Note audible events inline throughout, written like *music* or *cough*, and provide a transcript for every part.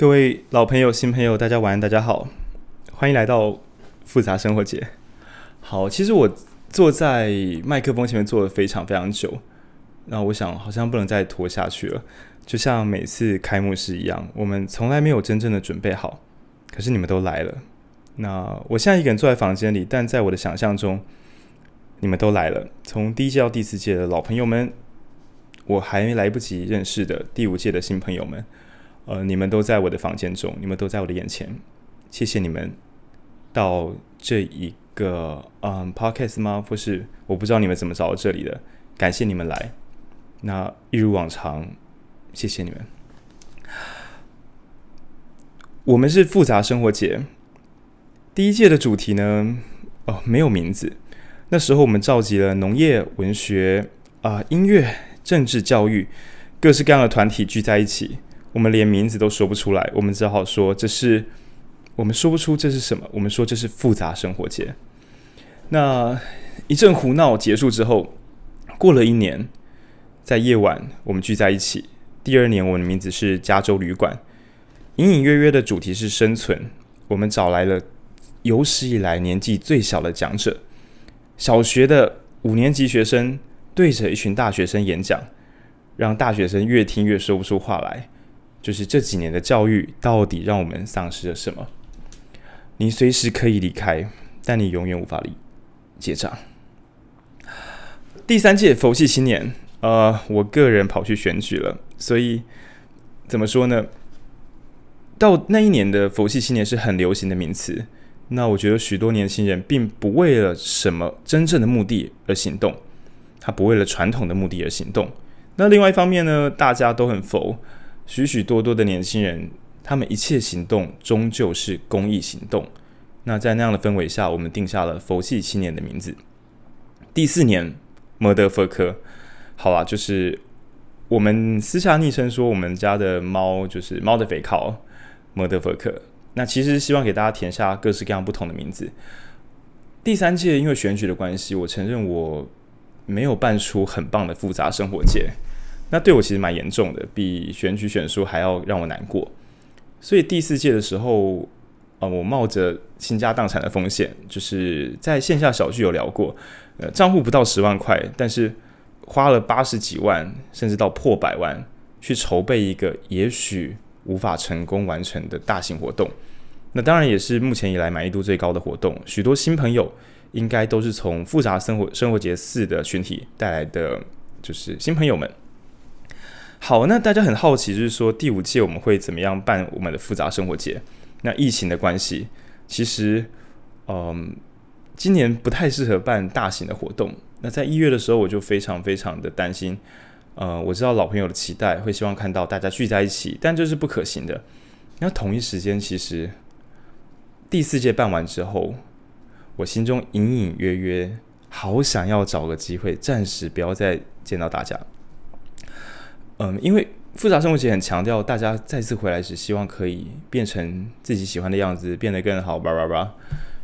各位老朋友、新朋友，大家晚安，大家好，歡迎來到複雜生活節。好，其實我坐在麥克風前面坐了非常非常久，那我想好像不能再拖下去了，就像每次開幕式一樣，我們從來沒有真正的準備好，可是你們都來了。那我現在一個人坐在房間裡，但在我的想象中，你們都來了。從第一屆到第四屆的老朋友們，我還沒來不及認識的第五屆的新朋友們。呃，你們都在我的房間中，你們都在我的眼前。謝謝你們到這一個嗯 podcast 嗎？或是我不知道你們怎麼找到這裡的？感謝你們來。那一如往常，謝謝你們。我們是複雜生活節第一屆的主題呢？哦、呃，沒有名字。那時候我們召集了農業、文學啊、呃、音樂、政治、教育，各式各樣的團體聚在一起。我們連名字都說不出來，我們只好說這是，我們說不出這是什麼，我們說這是複雜生活節。那一陣胡鬧結束之後，過了一年，在夜晚我們聚在一起。第二年，我們的名字是加州旅館，隱隱約約的主題是生存。我們找來了有史以來年紀最小的講者，小學的五年級學生對着一群大學生演講，讓大學生越聽越說不出話來。就是這幾年的教育，到底讓我們喪失了什麼？你隨時可以離開，但你永遠無法離結賬。第三屆佛系青年，呃，我個人跑去選舉了，所以怎麼說呢？到那一年的佛系青年是很流行的名詞。那我覺得許多年輕人並不為了什麼真正的目的而行動，他不為了傳統的目的而行動。那另外一方面呢，大家都很佛。許許多多的年輕人，他們一切行動終究是公益行動。那在那樣的氛圍下，我們定下了“佛系青年”的名字。第四年，摩德福克。好啊，就是我們私下昵稱說我們家的貓就是“貓的肥考”，摩德福克。那其實希望給大家填下各式各樣不同的名字。第三屆因為選舉的關係，我承認我沒有辦出很棒的複雜生活節。那對我其實蠻嚴重的，比選舉選輸還要讓我難過。所以第四屆的時候，呃，我冒着傾家蕩產的風險，就是在線下小聚有聊過，呃，賬戶不到十萬塊，但是花了八十幾萬，甚至到破百萬，去籌備一個也許無法成功完成的大型活動。那當然也是目前以來滿意度最高的活動，許多新朋友應該都是從複雜生活生活節四的群體帶來的，就是新朋友們。好，那大家很好奇，就是說第五屆我們會怎麼樣辦我們的複雜生活節？那疫情的關係，其實，嗯、呃，今年不太適合辦大型的活動。那在一月的時候，我就非常非常的擔心。呃，我知道老朋友的期待，會希望看到大家聚在一起，但這是不可行的。那同一時間，其實第四屆辦完之後，我心中隱隱約約好想要找個機會，暫時不要再見到大家。嗯，因為複雜生活節很強調，大家再次回來時，希望可以變成自己喜歡的樣子，變得更好，叭叭叭。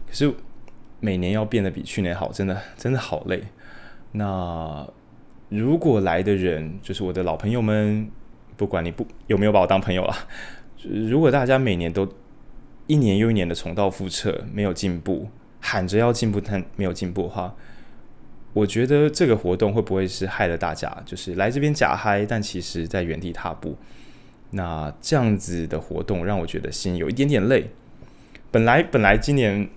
可是每年要變得比去年好，真的真的好累。那如果來的人就是我的老朋友們，不管你不有沒有把我當朋友啊，如果大家每年都一年又一年的重蹈覆轍，沒有進步，喊着要進步，但沒有進步的話，我覺得這個活動會不會是害了大家？就是來這邊假嗨，但其實在原地踏步。那這樣子的活動讓我覺得心有一點點累。本來本來今年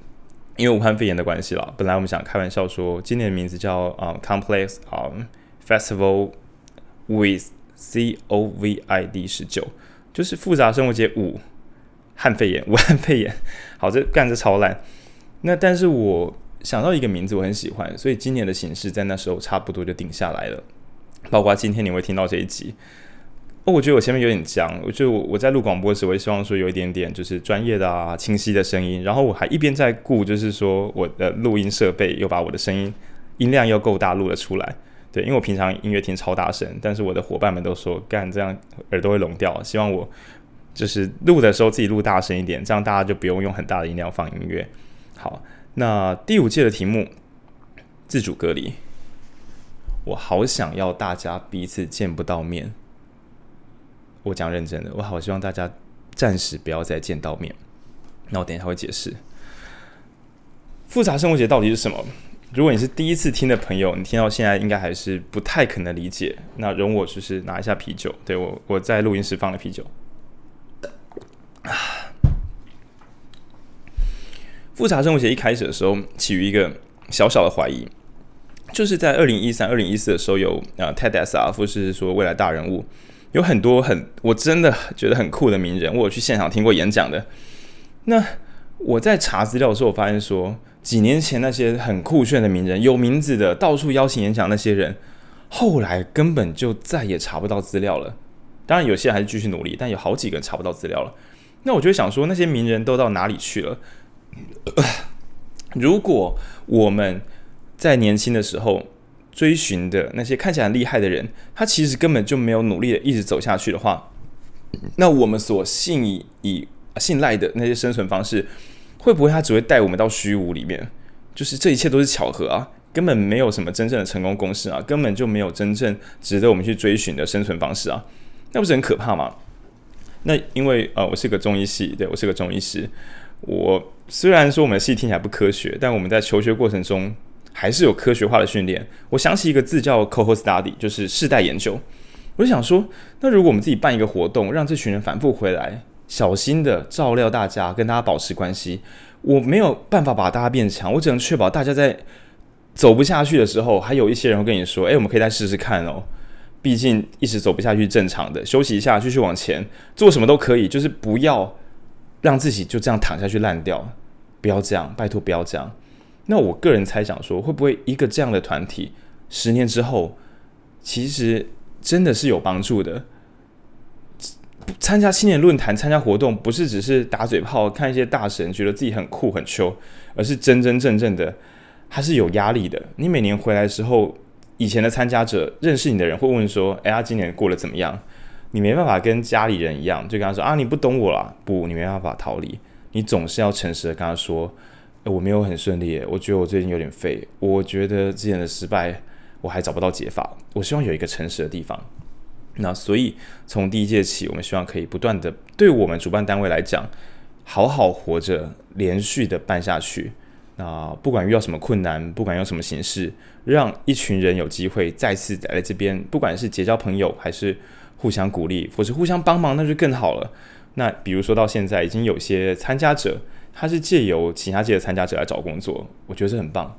因為武漢肺炎的關係了，本來我們想開玩笑說今年的名字叫啊、uh, Complex 啊、um, Festival with COVID 十九，O-V-I-D-19，就是複雜生活節五漢肺炎武漢肺炎。好，這幹着超爛。那但是我。想到一個名字，我很喜歡，所以今年的形式在那時候差不多就定下來了。包括今天你會聽到這一集。哦，我覺得我前面有點僵，我就我在錄廣播的時候，我也希望說有一點點就是專業的啊，清晰的聲音。然後我還一邊在顧，就是說我的錄音設備又把我的聲音音量又夠大錄了出來。對，因為我平常音樂聽超大聲，但是我的伙伴們都說幹這樣耳朵會聾掉。希望我就是錄的時候自己錄大聲一點，這樣大家就不用用很大的音量放音樂。好。那第五屆的題目，自主隔離。我好想要大家彼此見不到面。我講認真的，我好希望大家暫時不要再見到面。那我等一下會解釋，複雜生活節到底是什麼？如果你是第一次聽的朋友，你聽到現在應該還是不太可能理解。那容我就是拿一下啤酒，對，我，我在錄音室放了啤酒。啊。複雜生活節一開始的時候，起於一個小小的懷疑，就是在二零一三、二零一四的時候，有啊 TEDxR 或是說未來大人物，有很多很我真的覺得很酷的名人，我有去現場聽過演講的。那我在查資料的時候，我發現說幾年前那些很酷炫的名人，有名字的到處邀請演講那些人，後來根本就再也查不到資料了。當然，有些人還是繼續努力，但有好幾個人查不到資料了。那我就想說，那些名人都到哪裡去了？呃，如果我們在年輕的時候追尋的那些看起來厲害的人，他其實根本就沒有努力的一直走下去的話，那我們所信以，以信賴的那些生存方式，會不會他只會帶我們到虛無裡面？就是這一切都是巧合啊，根本沒有什麼真正的成功公式啊，根本就沒有真正值得我們去追尋的生存方式啊，那不是很可怕嗎？那因為呃，我是個中醫系，對，我是個中醫師，我。雖然說我們的戲聽起來不科學，但我們在求學過程中還是有科學化的訓練。我想起一個字叫 “cohort study”，就是世代研究。我就想說，那如果我們自己辦一個活動，讓這群人反複回來，小心的照料大家，跟大家保持關係，我沒有辦法把大家變強，我只能確保大家在走不下去的時候，還有一些人會跟你說：“誒、欸，我們可以再試試看哦，畢竟一直走不下去正常的，休息一下，繼續往前，做什麼都可以，就是不要。”讓自己就這樣躺下去爛掉，不要這樣，拜托不要這樣。那我個人猜想說，會不會一個這樣的團體，十年之後，其實真的是有幫助的。參加青年論壇、參加活動，不是只是打嘴炮、看一些大神，覺得自己很酷很秋，而是真真正正的，還是有壓力的。你每年回來的時候，以前的參加者、認識你的人會問說：“哎呀，今年過得怎麼樣？”你沒辦法跟家裡人一樣，就跟他說啊，你不懂我啦，不，你沒辦法逃離，你總是要誠實的跟他說，呃，我沒有很順利，我覺得我最近有點廢，我覺得之前的失敗我還找不到解法，我希望有一個誠實的地方。那所以從第一屆起，我們希望可以不斷的，對我們主辦單位來講，好好活着，連續的辦下去。那不管遇到什麼困難，不管用什麼形式，讓一群人有機會再次來這邊，不管是結交朋友還是。互相鼓勵或者互相幫忙，那就更好了。那比如說到現在已經有些參加者，他是借由其他屆的參加者來找工作，我覺得這很棒。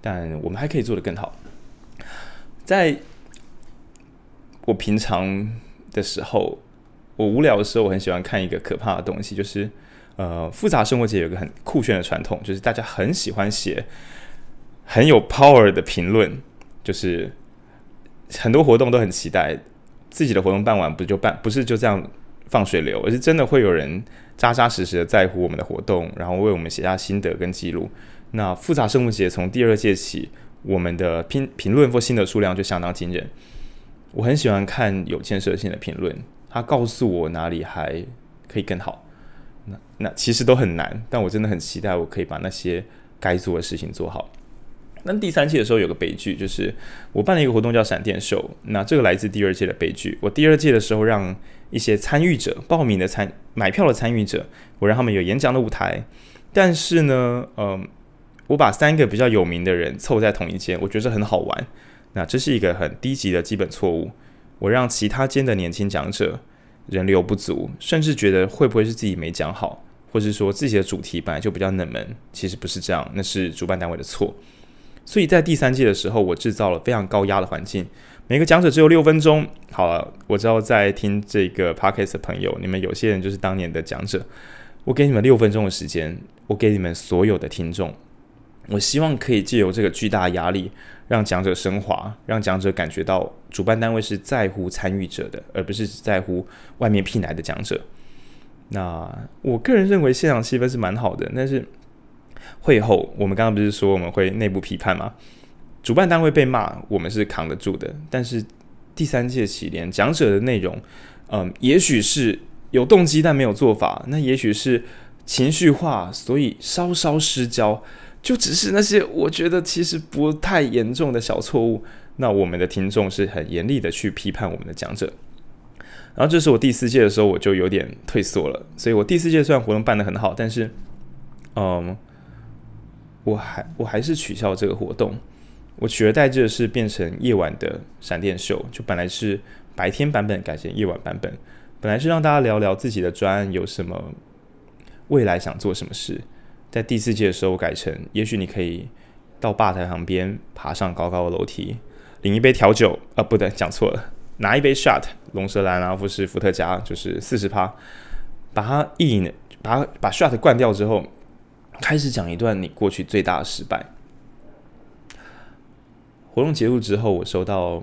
但我們還可以做得更好。在我平常的時候，我無聊的時候，我很喜歡看一個可怕的東西，就是呃，複雜生活節有一個很酷炫的傳統，就是大家很喜歡寫很有 power 的評論，就是很多活動都很期待。自己的活動辦完，不就辦，不是就這樣放水流，而是真的會有人扎扎實實的在乎我們的活動，然後為我們寫下心得跟記錄。那複雜生活節從第二屆起，我們的評評論或心得數量就相當驚人。我很喜歡看有建設性的評論，它告訴我哪裡還可以更好。那那其實都很難，但我真的很期待我可以把那些該做的事情做好。那第三季的時候有個悲劇，就是我辦了一個活動叫閃電秀。那這個來自第二屆的悲劇。我第二屆的時候讓一些參與者報名的參買票的參與者，我讓他們有演講的舞台。但是呢，嗯、呃，我把三個比較有名的人湊在同一間，我覺得很好玩。那這是一個很低級的基本錯誤。我讓其他間的年輕講者人流不足，甚至覺得會不會是自己沒講好，或是說自己的主題本來就比較冷門。其實不是這樣，那是主辦單位的錯。所以在第三屆的時候，我製造了非常高壓的環境，每個講者只有六分鐘。好了，我知道在聽這個 podcast 的朋友，你們有些人就是當年的講者，我給你們六分鐘的時間，我給你們所有的聽眾，我希望可以借由這個巨大壓力，讓講者升華，讓講者感覺到主辦單位是在乎參與者的，而不是只在乎外面聘來的講者。那我個人認為現場氣氛是蠻好的，但是。會後，我們剛剛不是說我們會內部批判嗎？主辦單位被罵，我們是扛得住的。但是第三屆起，連講者的內容，嗯，也許是有動機但沒有做法，那也許是情緒化，所以稍稍失焦，就只是那些我覺得其實不太嚴重的小錯誤。那我們的聽眾是很嚴厲的去批判我們的講者。然後這是我第四屆的時候，我就有點退縮了。所以我第四屆雖然活動辦得很好，但是，嗯。我還我還是取消這個活動，我取而代之的是變成夜晚的閃電秀，就本來是白天版本改成夜晚版本，本來是讓大家聊聊自己的專案有什麼未來想做什麼事，在第四季的時候改成，也許你可以到吧台旁邊爬上高高的樓梯，領一杯調酒，啊、呃，不對，講錯了，拿一杯 shot 龍舌蘭啊或是伏特加，就是四十趴，把它一飲，把它把 shot 灌掉之後。開始講一段你過去最大的失敗。活動結束之後，我收到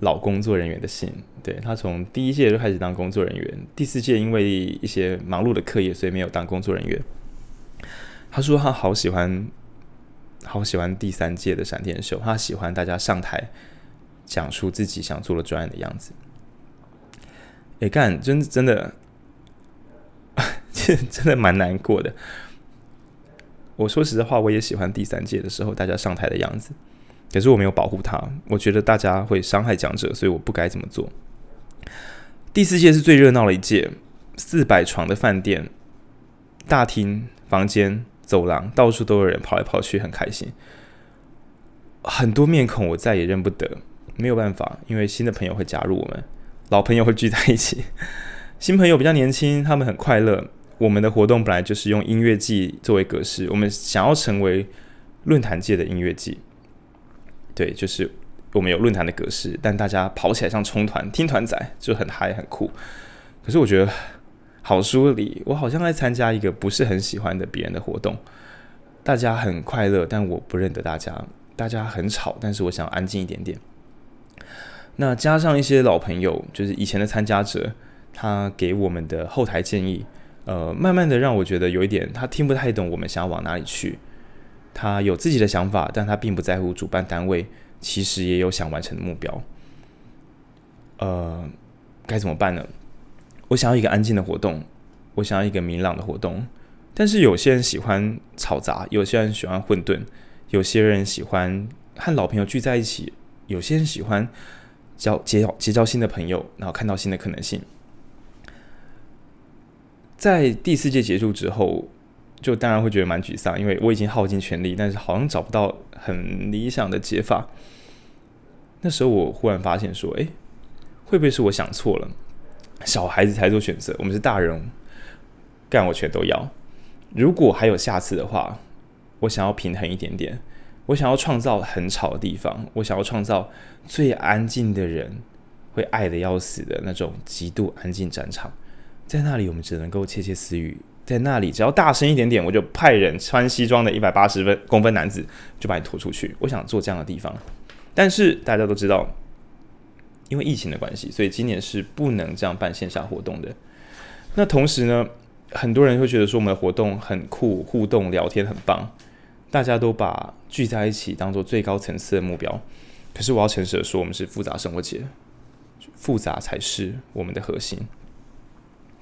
老工作人員的信。對，他從第一屆就開始當工作人員，第四屆因為一些忙碌的課業，所以沒有當工作人員。他說他好喜歡，好喜歡第三屆的閃電秀，他喜歡大家上台講述自己想做的專案的樣子。哎，幹，真的 *laughs* 真的，真的蠻難過的。我說實話，我也喜歡第三屆的時候大家上台的樣子，可是我沒有保護他。我覺得大家會傷害講者，所以我不該這麼做。第四屆是最熱鬧的一屆，四百床的飯店，大廳、房間、走廊到處都有人跑來跑去，很開心。很多面孔我再也認不得，沒有辦法，因為新的朋友會加入我們，老朋友會聚在一起，新朋友比較年輕，他們很快樂。我們的活動本來就是用音樂季作為格式，我們想要成為論壇界的音樂季。對，就是我們有論壇的格式，但大家跑起來像衝團聽團仔就很嗨很酷。可是我覺得好疏離，我好像在參加一個不是很喜歡的別人的活動。大家很快樂，但我不認得大家；大家很吵，但是我想安靜一點點。那加上一些老朋友，就是以前的參加者，他給我們的後台建議。呃，慢慢的讓我覺得有一點，他聽不太懂我們想要往哪裡去，他有自己的想法，但他並不在乎主辦單位，其實也有想完成的目標。呃，該怎麼辦呢？我想要一個安靜的活動，我想要一個明朗的活動，但是有些人喜歡吵雜，有些人喜歡混沌，有些人喜歡和老朋友聚在一起，有些人喜歡交結交結交新的朋友，然後看到新的可能性。在第四屆結束之後，就當然會覺得蠻沮喪，因為我已經耗盡全力，但是好像找不到很理想的解法。那時候我忽然發現說，誒、欸，會不會是我想錯了？小孩子才做選擇，我們是大人，幹我全都要。如果還有下次的話，我想要平衡一點點，我想要創造很吵的地方，我想要創造最安靜的人，會愛得要死的那種極度安靜戰場。在那裡，我們只能夠竊竊私語。在那裡，只要大聲一點點，我就派人穿西裝的一百八十分公分男子就把你拖出去。我想做這樣的地方，但是大家都知道，因為疫情的關係，所以今年是不能這樣辦線下活動的。那同時呢，很多人會覺得說我們的活動很酷，互動聊天很棒，大家都把聚在一起當做最高層次的目標。可是我要誠實的說，我們是複雜生活節，複雜才是我們的核心。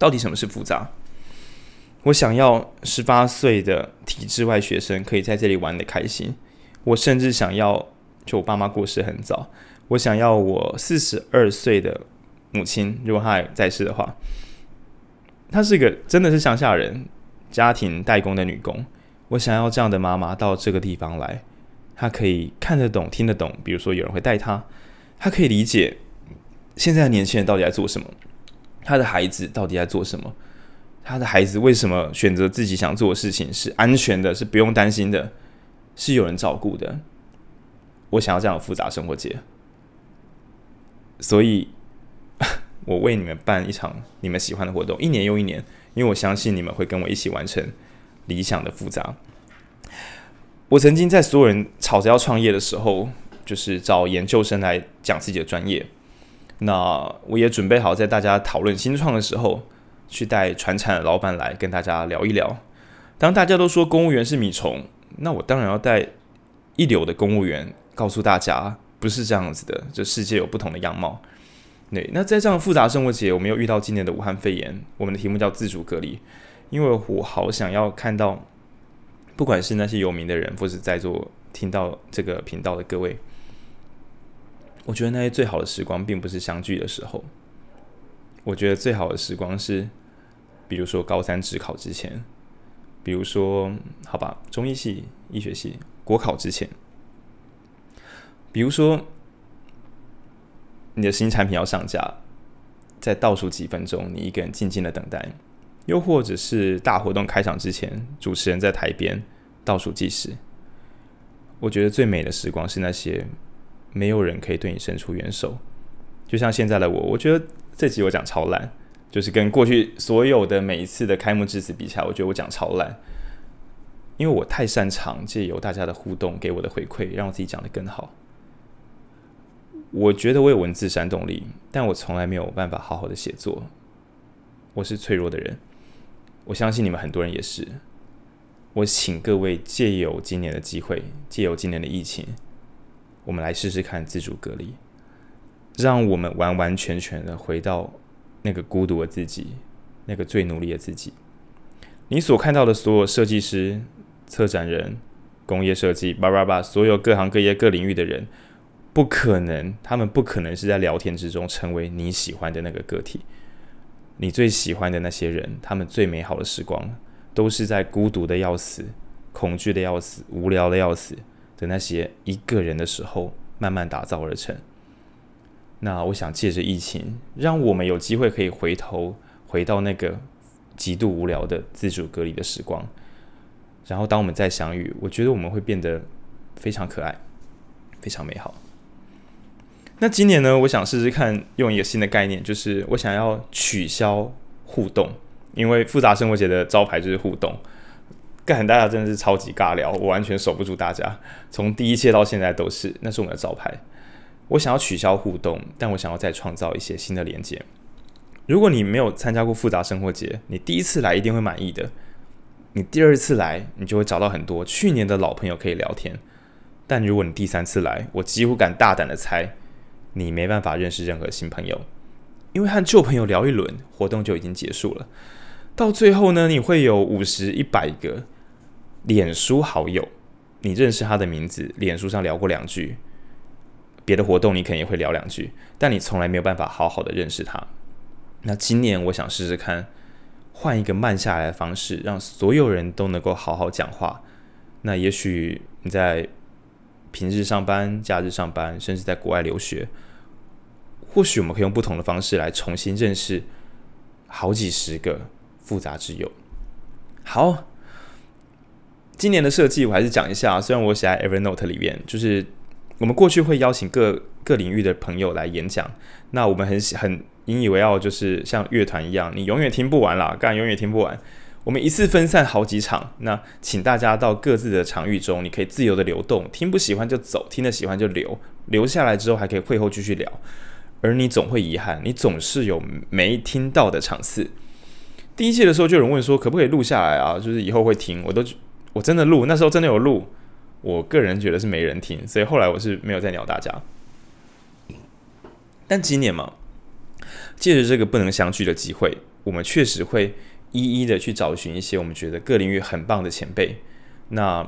到底什麼是複雜？我想要十八歲的體制外學生可以在這裡玩得開心。我甚至想要，就我爸媽過世很早，我想要我四十二歲的母親，如果她還在世的話，她是個真的是鄉下人，家庭代工的女工。我想要這樣的媽媽到這個地方來，她可以看得懂、聽得懂。比如說有人會帶她，她可以理解現在的年輕人到底在做什麼。他的孩子到底在做什麼？他的孩子為什麼選擇自己想做的事情是安全的，是不用擔心的，是有人照顧的？我想要這樣複雜生活節，所以我為你們辦一場你們喜歡的活動，一年又一年，因為我相信你們會跟我一起完成理想的複雜。我曾經在所有人吵着要創業的時候，就是找研究生來講自己的專業。那我也準備好在大家討論新創的時候，去帶傳產的老闆來跟大家聊一聊。當大家都說公務員是米蟲，那我當然要帶一流的公務員告訴大家，不是這樣子的。這世界有不同的樣貌。對，那在這樣複雜生活節，我們又遇到今年的武漢肺炎。我們的題目叫自主隔離，因為我好想要看到，不管是那些有名的人，或者在座聽到這個頻道的各位。我覺得那些最好的時光並不是相聚的時候，我覺得最好的時光是，比如說高三指考之前，比如說好吧，中醫系、醫學系、國考之前，比如說你的新產品要上架，在倒數幾分鐘，你一個人靜靜的等待，又或者是大活動開場之前，主持人在台邊倒數計時。我覺得最美的時光是那些。沒有人可以對你伸出援手，就像現在的我，我覺得這集我講超爛，就是跟過去所有的每一次的開幕致詞比起來，我覺得我講超爛，因為我太擅長借由大家的互動給我的回饋，讓我自己講得更好。我覺得我有文字煽動力，但我從來沒有辦法好好的寫作，我是脆弱的人，我相信你們很多人也是。我請各位借由今年的機會，借由今年的疫情。我們來試試看自主隔離，讓我們完完全全的回到那個孤獨的自己，那個最努力的自己。你所看到的所有設計師、策展人、工業設計，叭叭叭，所有各行各業各領域的人，不可能，他們不可能是在聊天之中成為你喜歡的那個個體。你最喜歡的那些人，他們最美好的時光，都是在孤獨的要死、恐懼的要死、無聊的要死。的那些一個人的時候慢慢打造而成。那我想借着疫情，讓我們有機會可以回頭回到那個極度無聊的自主隔離的時光。然後當我們再相遇，我覺得我們會變得非常可愛，非常美好。那今年呢，我想試試看用一個新的概念，就是我想要取消互動，因為複雜生活節的招牌就是互動。跟大家真的是超級尬聊，我完全守不住大家。從第一屆到現在都是，那是我們的招牌。我想要取消互動，但我想要再創造一些新的連接。如果你沒有參加過複雜生活節，你第一次來一定會滿意的。你第二次來，你就會找到很多去年的老朋友可以聊天。但如果你第三次來，我幾乎敢大膽的猜，你沒辦法認識任何新朋友，因為和舊朋友聊一輪活動就已經結束了。到最後呢，你會有五十、一百個。臉書好友，你認識他的名字，臉書上聊過兩句，別的活動你可能也會聊兩句，但你從來沒有辦法好好的認識他。那今年我想試試看，換一個慢下來的方式，讓所有人都能夠好好講話。那也許你在平日上班、假日上班，甚至在國外留學，或許我們可以用不同的方式來重新認識好幾十個複雜之友。好。今年的設計我還是講一下啊，雖然我寫在 Evernote 裡面，就是我們過去會邀請各各領域的朋友來演講，那我們很很引以為傲，就是像樂團一樣，你永遠聽不完啦，當然永遠聽不完。我們一次分散好幾場，那請大家到各自的場域中，你可以自由的流動，聽不喜歡就走，聽得喜歡就留，留下來之後還可以會後繼續聊，而你總會遺憾，你總是有沒聽到的場次。第一屆的時候就有人問說，可不可以錄下來啊？就是以後會聽，我都。我真的錄，那時候真的有錄，我個人覺得是沒人聽，所以後來我是沒有再鳥大家。但今年嘛，借着這個不能相聚的機會，我們確實會一一的去找尋一些我們覺得各領域很棒的前輩。那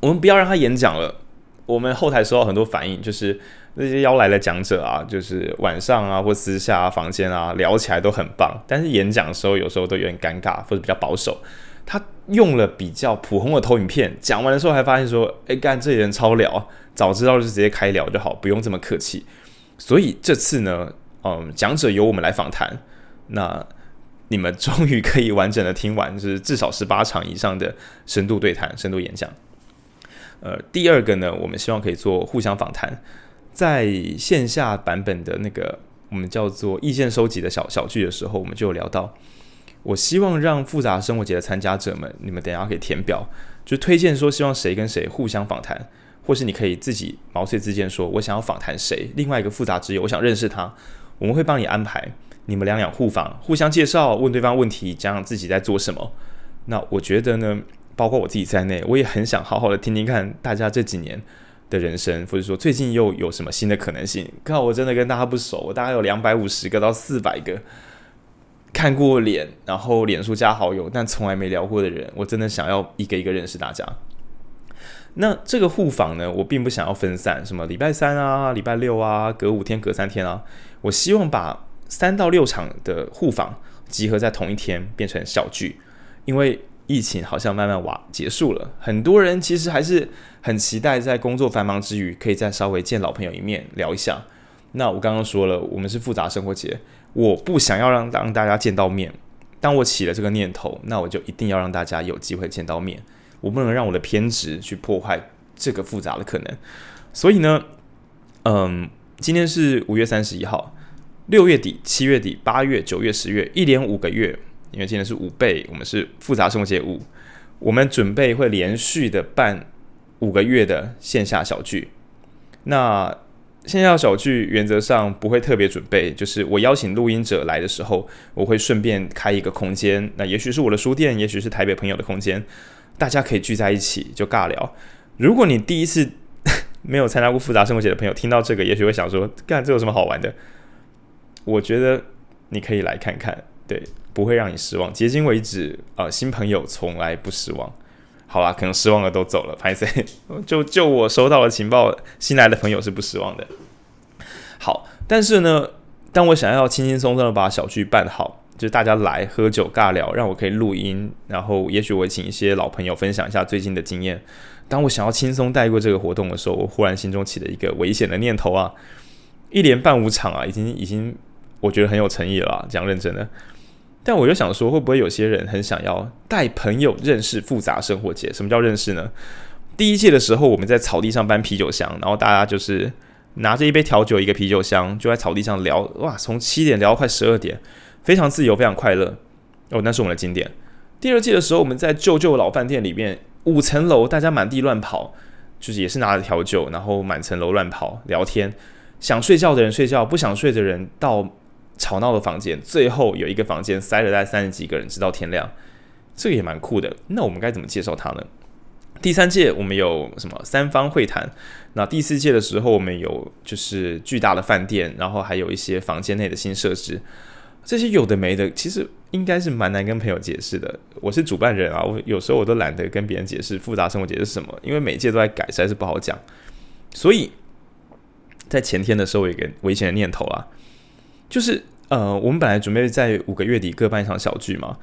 我們不要讓他演講了。我們後台收到很多反應，就是那些邀來的講者啊，就是晚上啊或私下啊、房間啊聊起來都很棒，但是演講的時候有時候都有點尷尬或者比較保守。他用了比較普通的投影片，講完的時候還發現說：“哎、欸，幹這些人超聊，早知道就直接開聊就好，不用這麼客氣。”所以這次呢，嗯，講者由我們來訪談，那你們終於可以完整的聽完，就是至少十八場以上的深度對談、深度演講。呃，第二個呢，我們希望可以做互相訪談，在線下版本的那個我們叫做意見收集的小小聚的時候，我們就聊到。我希望讓複雜生活節的參加者們，你們等一下可以填表，就推薦說希望誰跟誰互相訪談，或是你可以自己毛遂自薦說我想要訪談誰。另外一個複雜之友，我想認識他，我們會幫你安排，你們兩兩互訪，互相介紹，問對方問題，講講自己在做什麼。那我覺得呢，包括我自己在內，我也很想好好的聽聽看大家這幾年的人生，或者說最近又有什麼新的可能性。剛好我真的跟大家不熟，我大概有兩百五十個到四百個。看過臉，然後臉書加好友，但從來沒聊過的人，我真的想要一個一個認識大家。那這個互訪呢，我並不想要分散，什麼禮拜三啊、禮拜六啊，隔五天、隔三天啊。我希望把三到六場的互訪集合在同一天，變成小聚。因為疫情好像慢慢瓦結束了，很多人其實還是很期待在工作繁忙之餘，可以再稍微見老朋友一面，聊一下。那我剛剛說了，我們是複雜生活節。我不想要讓讓大家見到面，當我起了這個念頭，那我就一定要讓大家有機會見到面。我不能讓我的偏執去破壞這個複雜的可能。所以呢，嗯，今天是五月三十一號，六月底、七月底、八月、九月、十月，一連五個月，因為今天是五倍，我們是複雜生活節五，我們準備會連續的辦五個月的線下小聚。那。線下小聚原則上不會特別準備，就是我邀請錄音者來的時候，我會順便開一個空間。那也許是我的書店，也許是台北朋友的空間，大家可以聚在一起就尬聊。如果你第一次沒有參加過複雜生活節的朋友，聽到這個也許會想說，幹，這有什麼好玩的？我覺得你可以來看看，對，不會讓你失望。迄今為止，啊、呃，新朋友從來不失望。好吧，可能失望的都走了，拍謝，就就我收到了情報，新來的朋友是不失望的。好，但是呢，當我想要輕輕鬆鬆的把小聚辦好，就是大家來喝酒尬聊，讓我可以錄音，然後也許我也請一些老朋友分享一下最近的經驗。當我想要輕鬆帶過這個活動的時候，我忽然心中起了一個危險的念頭啊！一連辦五場啊，已經已經，我覺得很有誠意了啦，講認真的。但我就想說，會不會有些人很想要帶朋友認識複雜生活節？什麼叫認識呢？第一屆的時候，我們在草地上搬啤酒箱，然後大家就是拿着一杯調酒，一個啤酒箱，就在草地上聊，哇，從七點聊到快十二點，非常自由，非常快樂。哦，那是我們的經典。第二屆的時候，我們在舊舊老飯店裡面五層樓，大家滿地亂跑，就是也是拿着調酒，然後滿層樓亂跑聊天，想睡覺的人睡覺，不想睡的人到。吵鬧的房間，最後有一個房間塞了大概三十幾個人，直到天亮，這個也蠻酷的。那我們該怎麼介紹它呢？第三屆我們有什麼三方會談？那第四屆的時候我們有就是巨大的飯店，然後還有一些房間內的新設施。這些有的沒的，其實應該是蠻難跟朋友解釋的。我是主辦人啊，我有時候我都懶得跟別人解釋複雜生活節是什麼，因為每屆都在改，實在是不好講。所以在前天的時候，有一個危險的念頭啊。就是呃，我們本來準備在五個月底各辦一場小聚嘛。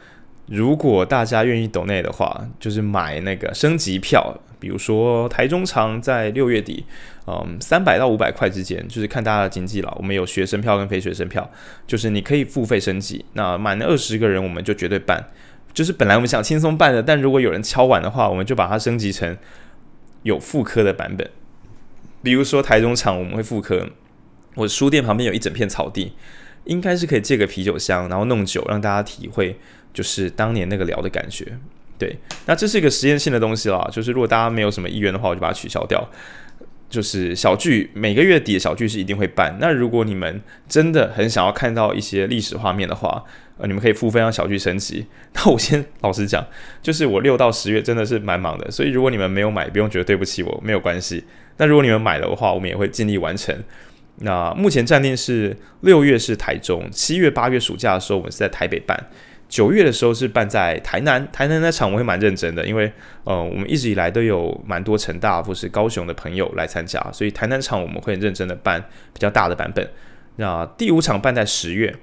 如果大家願意抖內的話，就是買那個升級票，比如說台中場在六月底，嗯、呃，三百到五百塊之間，就是看大家的經濟了。我們有學生票跟非學生票，就是你可以付費升級。那滿二十個人我們就絕對辦。就是本來我們想輕鬆辦的，但如果有人敲碗的話，我們就把它升級成有副科的版本。比如說台中場，我們會副科。我書店旁邊有一整片草地，應該是可以借個啤酒箱，然後弄酒，讓大家體會就是當年那個聊的感覺。對，那這是一個實驗性的東西啦，就是如果大家沒有什麼意願的話，我就把它取消掉。就是小聚每個月底的小聚是一定會辦。那如果你們真的很想要看到一些歷史畫面的話，呃，你們可以付費讓小聚升級。那我先老實講，就是我六到十月真的是蠻忙的，所以如果你們沒有買，不用覺得對不起我，沒有關係。那如果你們買了的話，我們也會盡力完成。那目前暫定是六月是台中，七月、八月暑假的時候，我們是在台北辦；九月的時候是辦在台南。台南那場我會蠻認真的，因為呃，我們一直以來都有蠻多成大或是高雄的朋友來參加，所以台南場我們會認真的辦比較大的版本。那第五場辦在十月，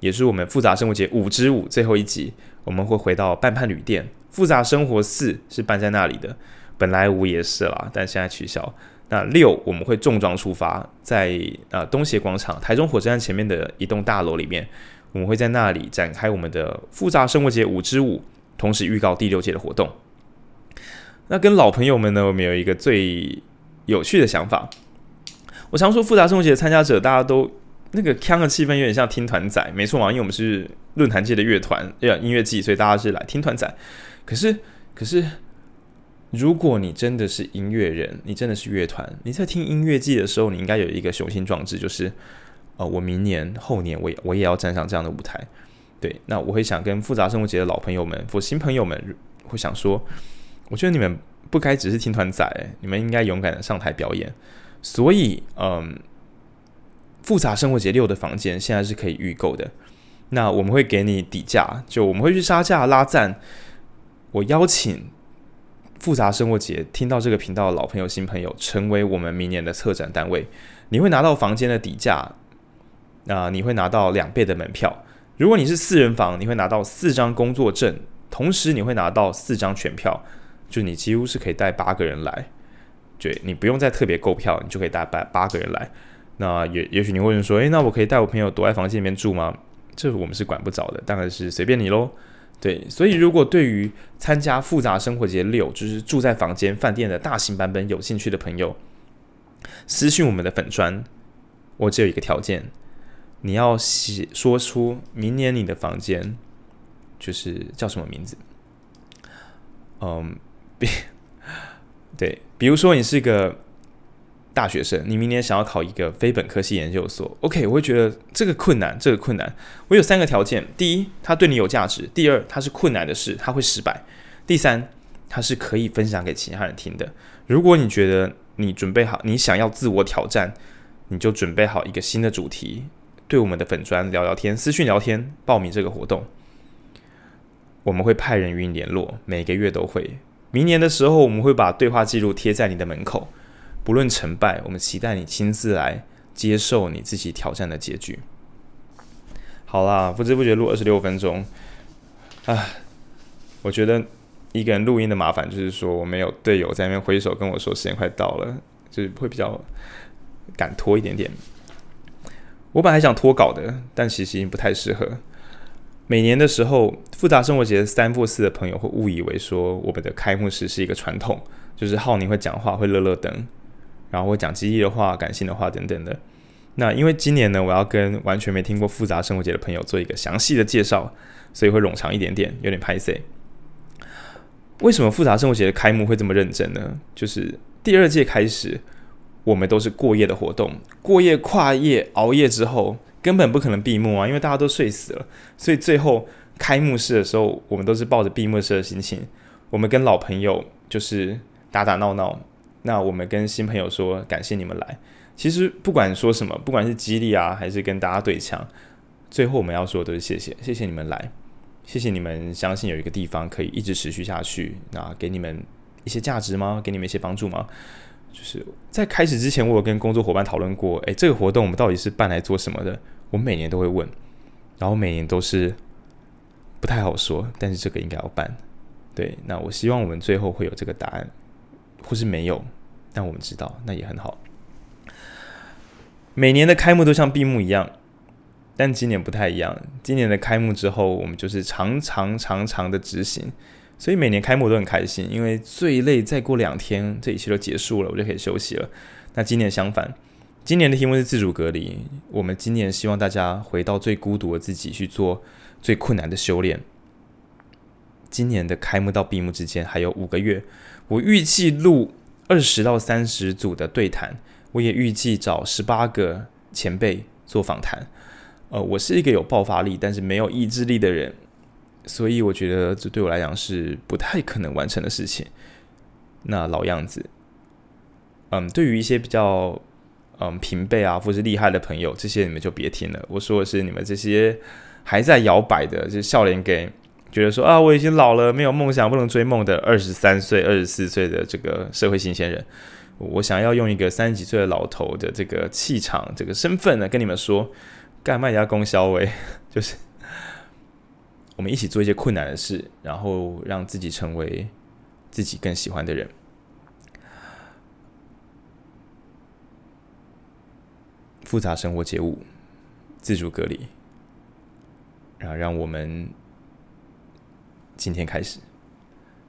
也是我們複雜生活節五之五最後一集，我們會回到半畔旅店。複雜生活四是辦在那裡的，本來五也是啦，但現在取消。那六，我們會重裝出發，在啊、呃、東協廣場、台中火車站前面的一棟大樓裡面，我們會在那裡展開我們的複雜生活節五之五，同時預告第六屆的活動。那跟老朋友們呢，我們有一個最有趣的想法。我常說複雜生活節的參加者，大家都那個腔的氣氛有點像聽團仔，沒錯嘛，因為我們是論壇界的樂團，對啊音樂季，所以大家是來聽團仔。可是，可是。如果你真的是音樂人，你真的是樂團，你在聽音樂節的時候，你應該有一個雄心壯志，就是，呃，我明年、後年我也，我我也要站上這樣的舞台。對，那我會想跟複雜生活節的老朋友們或新朋友們會想說，我覺得你們不該只是聽團仔，你們應該勇敢的上台表演。所以，嗯，複雜生活節六的房間現在是可以預購的，那我們會給你底價，就我們會去殺價拉贊，我邀請。複雜生活節，聽到這個頻道的老朋友、新朋友，成為我們明年的策展單位，你會拿到房間的底價，那你會拿到兩倍的門票。如果你是四人房，你會拿到四張工作證，同時你會拿到四張全票，就你幾乎是可以帶八個人來，對，你不用再特別購票，你就可以帶八八個人來。那也也許你會說，誒、欸，那我可以帶我朋友躲在房間裡面住嗎？這我們是管不着的，當然是隨便你嘍。對，所以如果對於參加複雜生活節六，就是住在房間飯店的大型版本有興趣的朋友，私訊我們的粉專，我只有一個條件，你要寫說出明年你的房間就是叫什麼名字，嗯，比對，比如說你是個。大學生，你明年想要考一個非本科系研究所，OK，我會覺得這個困難，這個困難。我有三個條件：第一，它對你有價值；第二，它是困難的事，它會失敗；第三，它是可以分享給其他人聽的。如果你覺得你準備好，你想要自我挑戰，你就準備好一個新的主題，對我們的粉專聊聊天，私訊聊天，報名這個活動，我們會派人與你聯絡，每個月都會。明年的時候，我們會把對話記錄貼在你的門口。不論成敗，我們期待你親自來接受你自己挑戰的結局。好啦，不知不覺錄二十六分鐘，哎，我覺得一個人錄音的麻煩就是說我沒有隊友在那邊揮手跟我說時間快到了，就是會比較敢拖一點點。我本來還想拖稿的，但其實已經不太適合。每年的時候，複雜生活節三或四的朋友會誤以為說我們的開幕式是一個傳統，就是浩寧會講話，會樂樂等。然後會講激勵的話、感性的話等等的。那因為今年呢，我要跟完全沒聽過複雜生活節的朋友做一個詳細的介紹，所以會冗長一點點，有點拍謝。為什麼複雜生活節的開幕會這麼認真呢？就是第二屆開始，我們都是過夜的活動，過夜、跨夜、熬夜之後，根本不可能閉幕啊，因為大家都睡死了。所以最後開幕式的時候，我們都是抱着閉幕式的心情，我們跟老朋友就是打打鬧鬧。那我們跟新朋友說，感謝你們來。其實不管說什麼，不管是激勵啊，還是跟大家對槍，最後我們要說的都是謝謝，謝謝你們來，謝謝你們相信有一個地方可以一直持續下去。那給你們一些價值嗎？給你們一些幫助嗎？就是在開始之前，我有跟工作伙伴討論過，哎、欸，這個活動我們到底是辦來做什麼的？我每年都會問，然後每年都是不太好說，但是這個應該要辦。對，那我希望我們最後會有這個答案，或是沒有。但我們知道，那也很好。每年的開幕都像閉幕一樣，但今年不太一樣。今年的開幕之後，我們就是長長長長的執行，所以每年開幕都很開心，因為最累再過兩天，這一切都結束了，我就可以休息了。那今年相反，今年的題目是自主隔離，我們今年希望大家回到最孤獨的自己，去做最困難的修煉。今年的開幕到閉幕之間還有五個月，我預計錄。二十到三十組的對談，我也預計找十八個前輩做訪談。呃，我是一個有爆發力但是沒有意志力的人，所以我覺得這對我來講是不太可能完成的事情。那老樣子，嗯，對於一些比較嗯，平輩啊，或是厲害的朋友，這些你們就別聽了。我說的是你們這些還在搖擺的，就笑臉給，覺得說啊，我已經老了，沒有夢想，不能追夢的二十三歲、二十四歲的這個社會新鮮人，我想要用一個三十幾歲的老頭的這個氣場、這個身份呢，跟你們說，幹賣家供銷，威，就是我們一起做一些困難的事，然後讓自己成為自己更喜歡的人，複雜生活節五，自主隔離，然後讓我們。今天開始，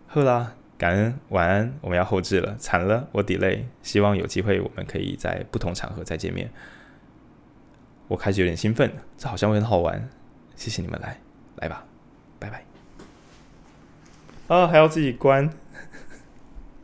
好啦，感恩，晚安。我們要後製了，慘了，我 delay。希望有機會我們可以在不同場合再見面。我開始有點興奮，這好像會很好玩。謝謝你們來，來吧，拜拜。啊，還要自己關。